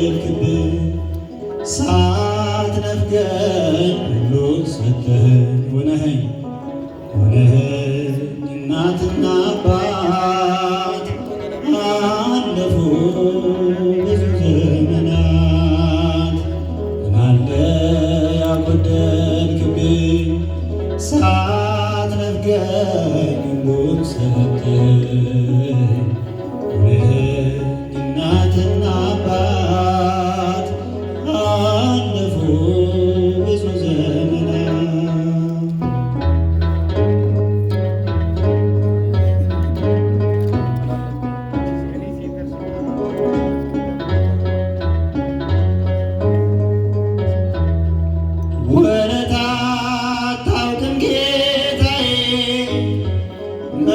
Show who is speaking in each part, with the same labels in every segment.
Speaker 1: በልክብን ሳትነፍገኝ ሁሉ ሰጠኸኝ ሆነኸኝ ሆነኸኝ እናትና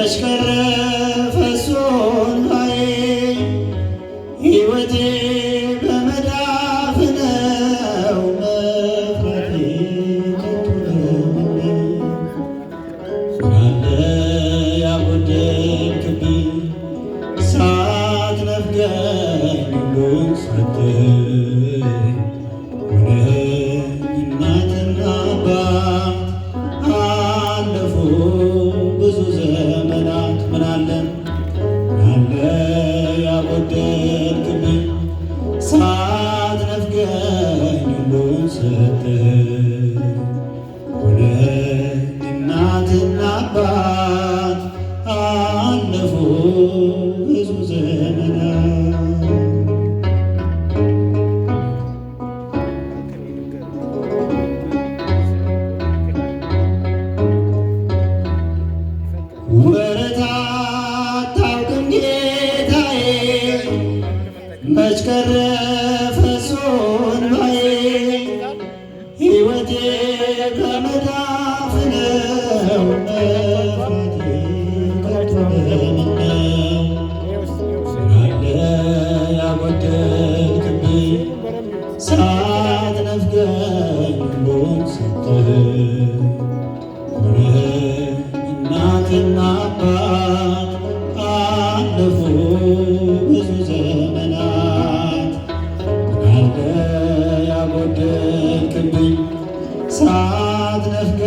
Speaker 1: Let's go. ሰዓት ነፍገ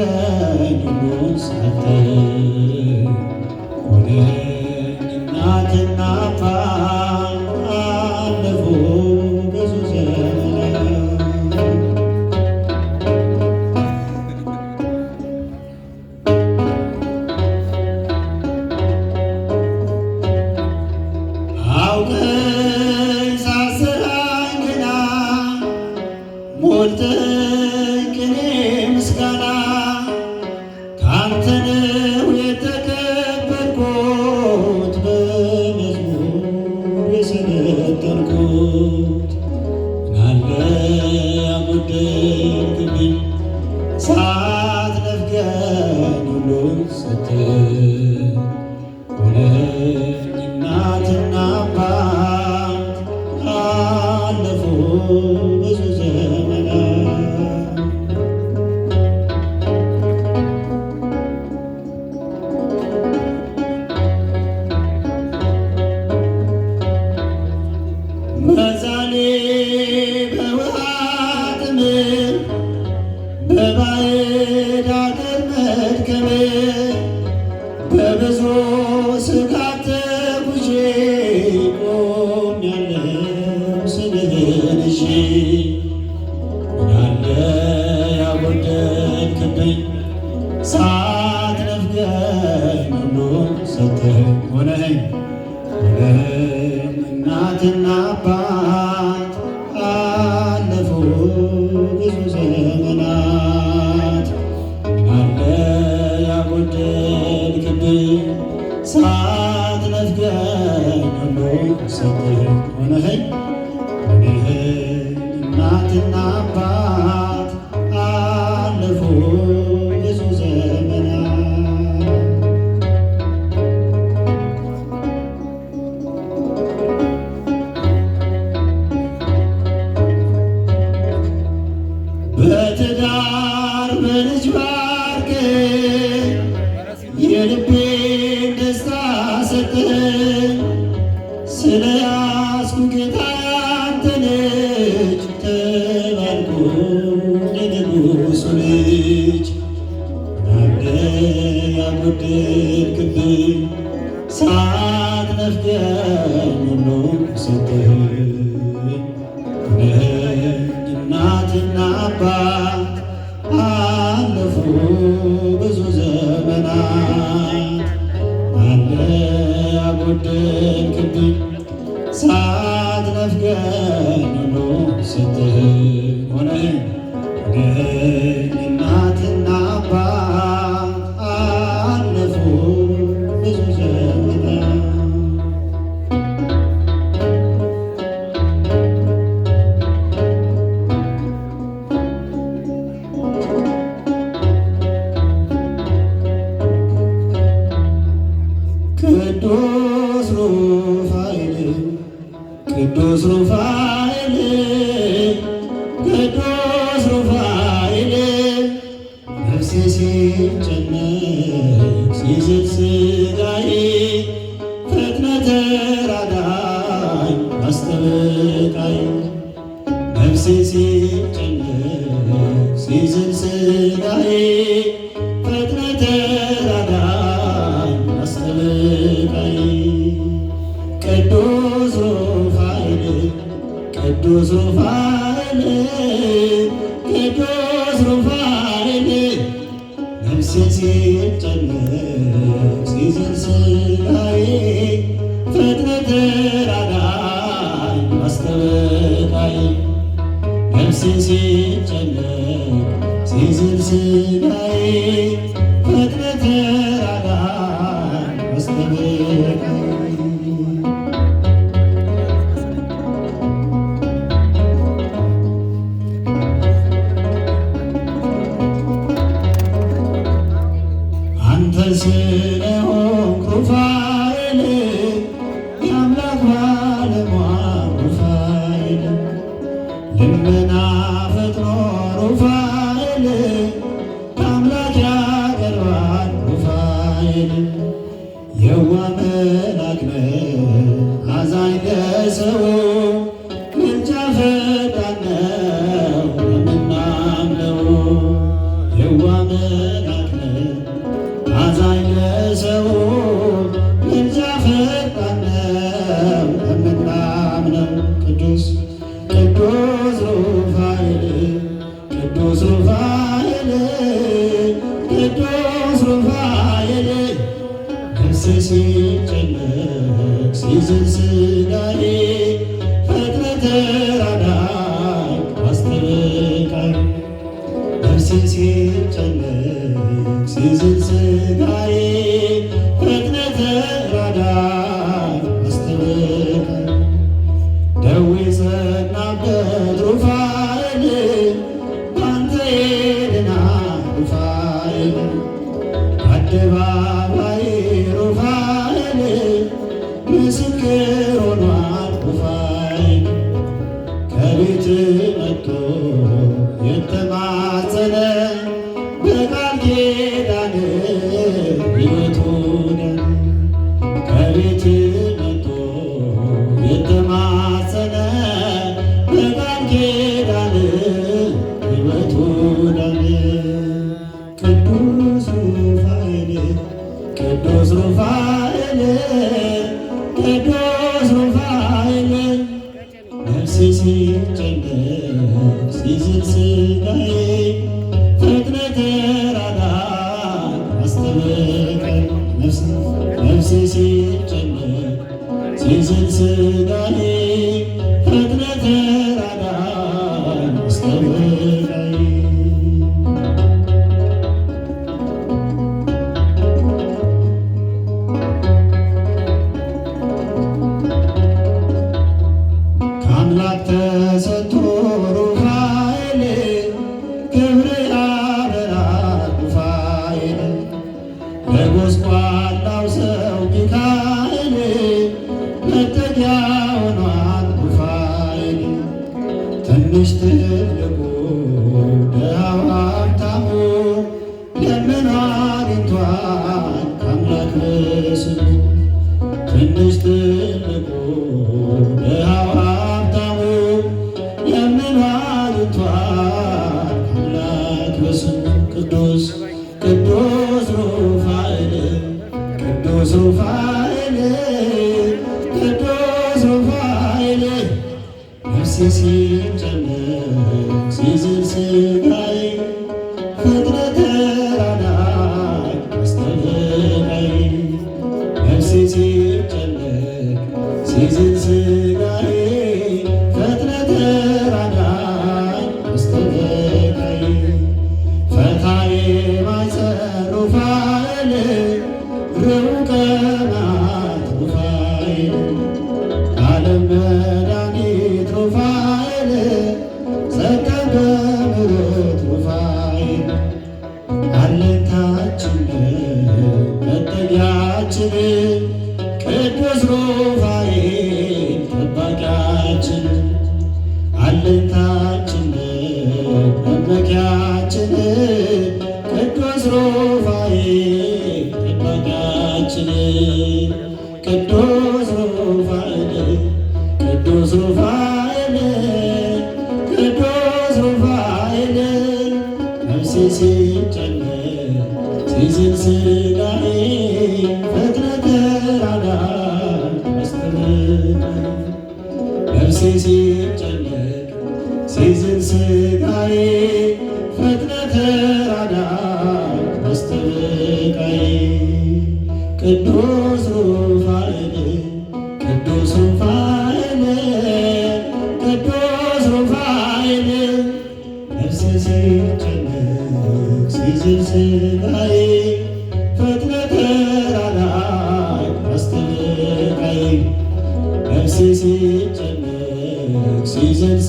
Speaker 1: በባዕድ አገር መድከሜ በብዙ ስቃት ሩፋኤል ቅዱስ ሩፋኤል ቅዱስ ሩፋኤል ነፍሴ ሲጨ ቅዱስ ሩፋኤል ቅዱስ ሩፋኤል ነፍሴ ሲጨነቅ ሲዝን ስጋዬ ፈጥነህ ተራዳኝ አስጠብቀኝ። ነፍሴ ሲጨነቅ ሲዝን ስጋዬ Amen. ስል ሲጨነቅ ሲዝል ስጋዬ ፍጥነተ ረዳት አስተበቀ ደዌ ጸናበት ሩፋኤል ሩፋኤል አደባባይ ሩፋኤል ምስክር ሆኗል ሩፋኤል ከቤት ትንሽ ትልቁ ደሃው ፈታዬ ማይሰሩ ፋል ርሙቀና ነፍሴ ሲጨነቅ ሲዝን ስጋዬ ቅዱስ እሺ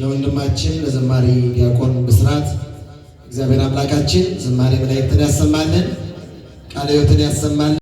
Speaker 2: ለወንድማችን ለዘማሪ ዲያቆን ብስራት እግዚአብሔር አምላካችን ዝማሬ መላእክትን ያሰማልን፣ ቃለ ሕይወትን ያሰማልን።